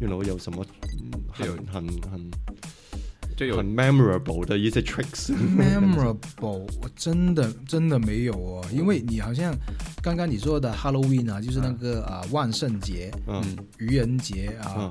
You know, 有什麼有很很，有很，很，很，很 memorable 的一些 tricks？memorable 我 真的真的沒有哦，因為你好像剛剛你說的 Halloween 啊，就是那個啊萬聖節、嗯、啊、愚人節啊。嗯啊。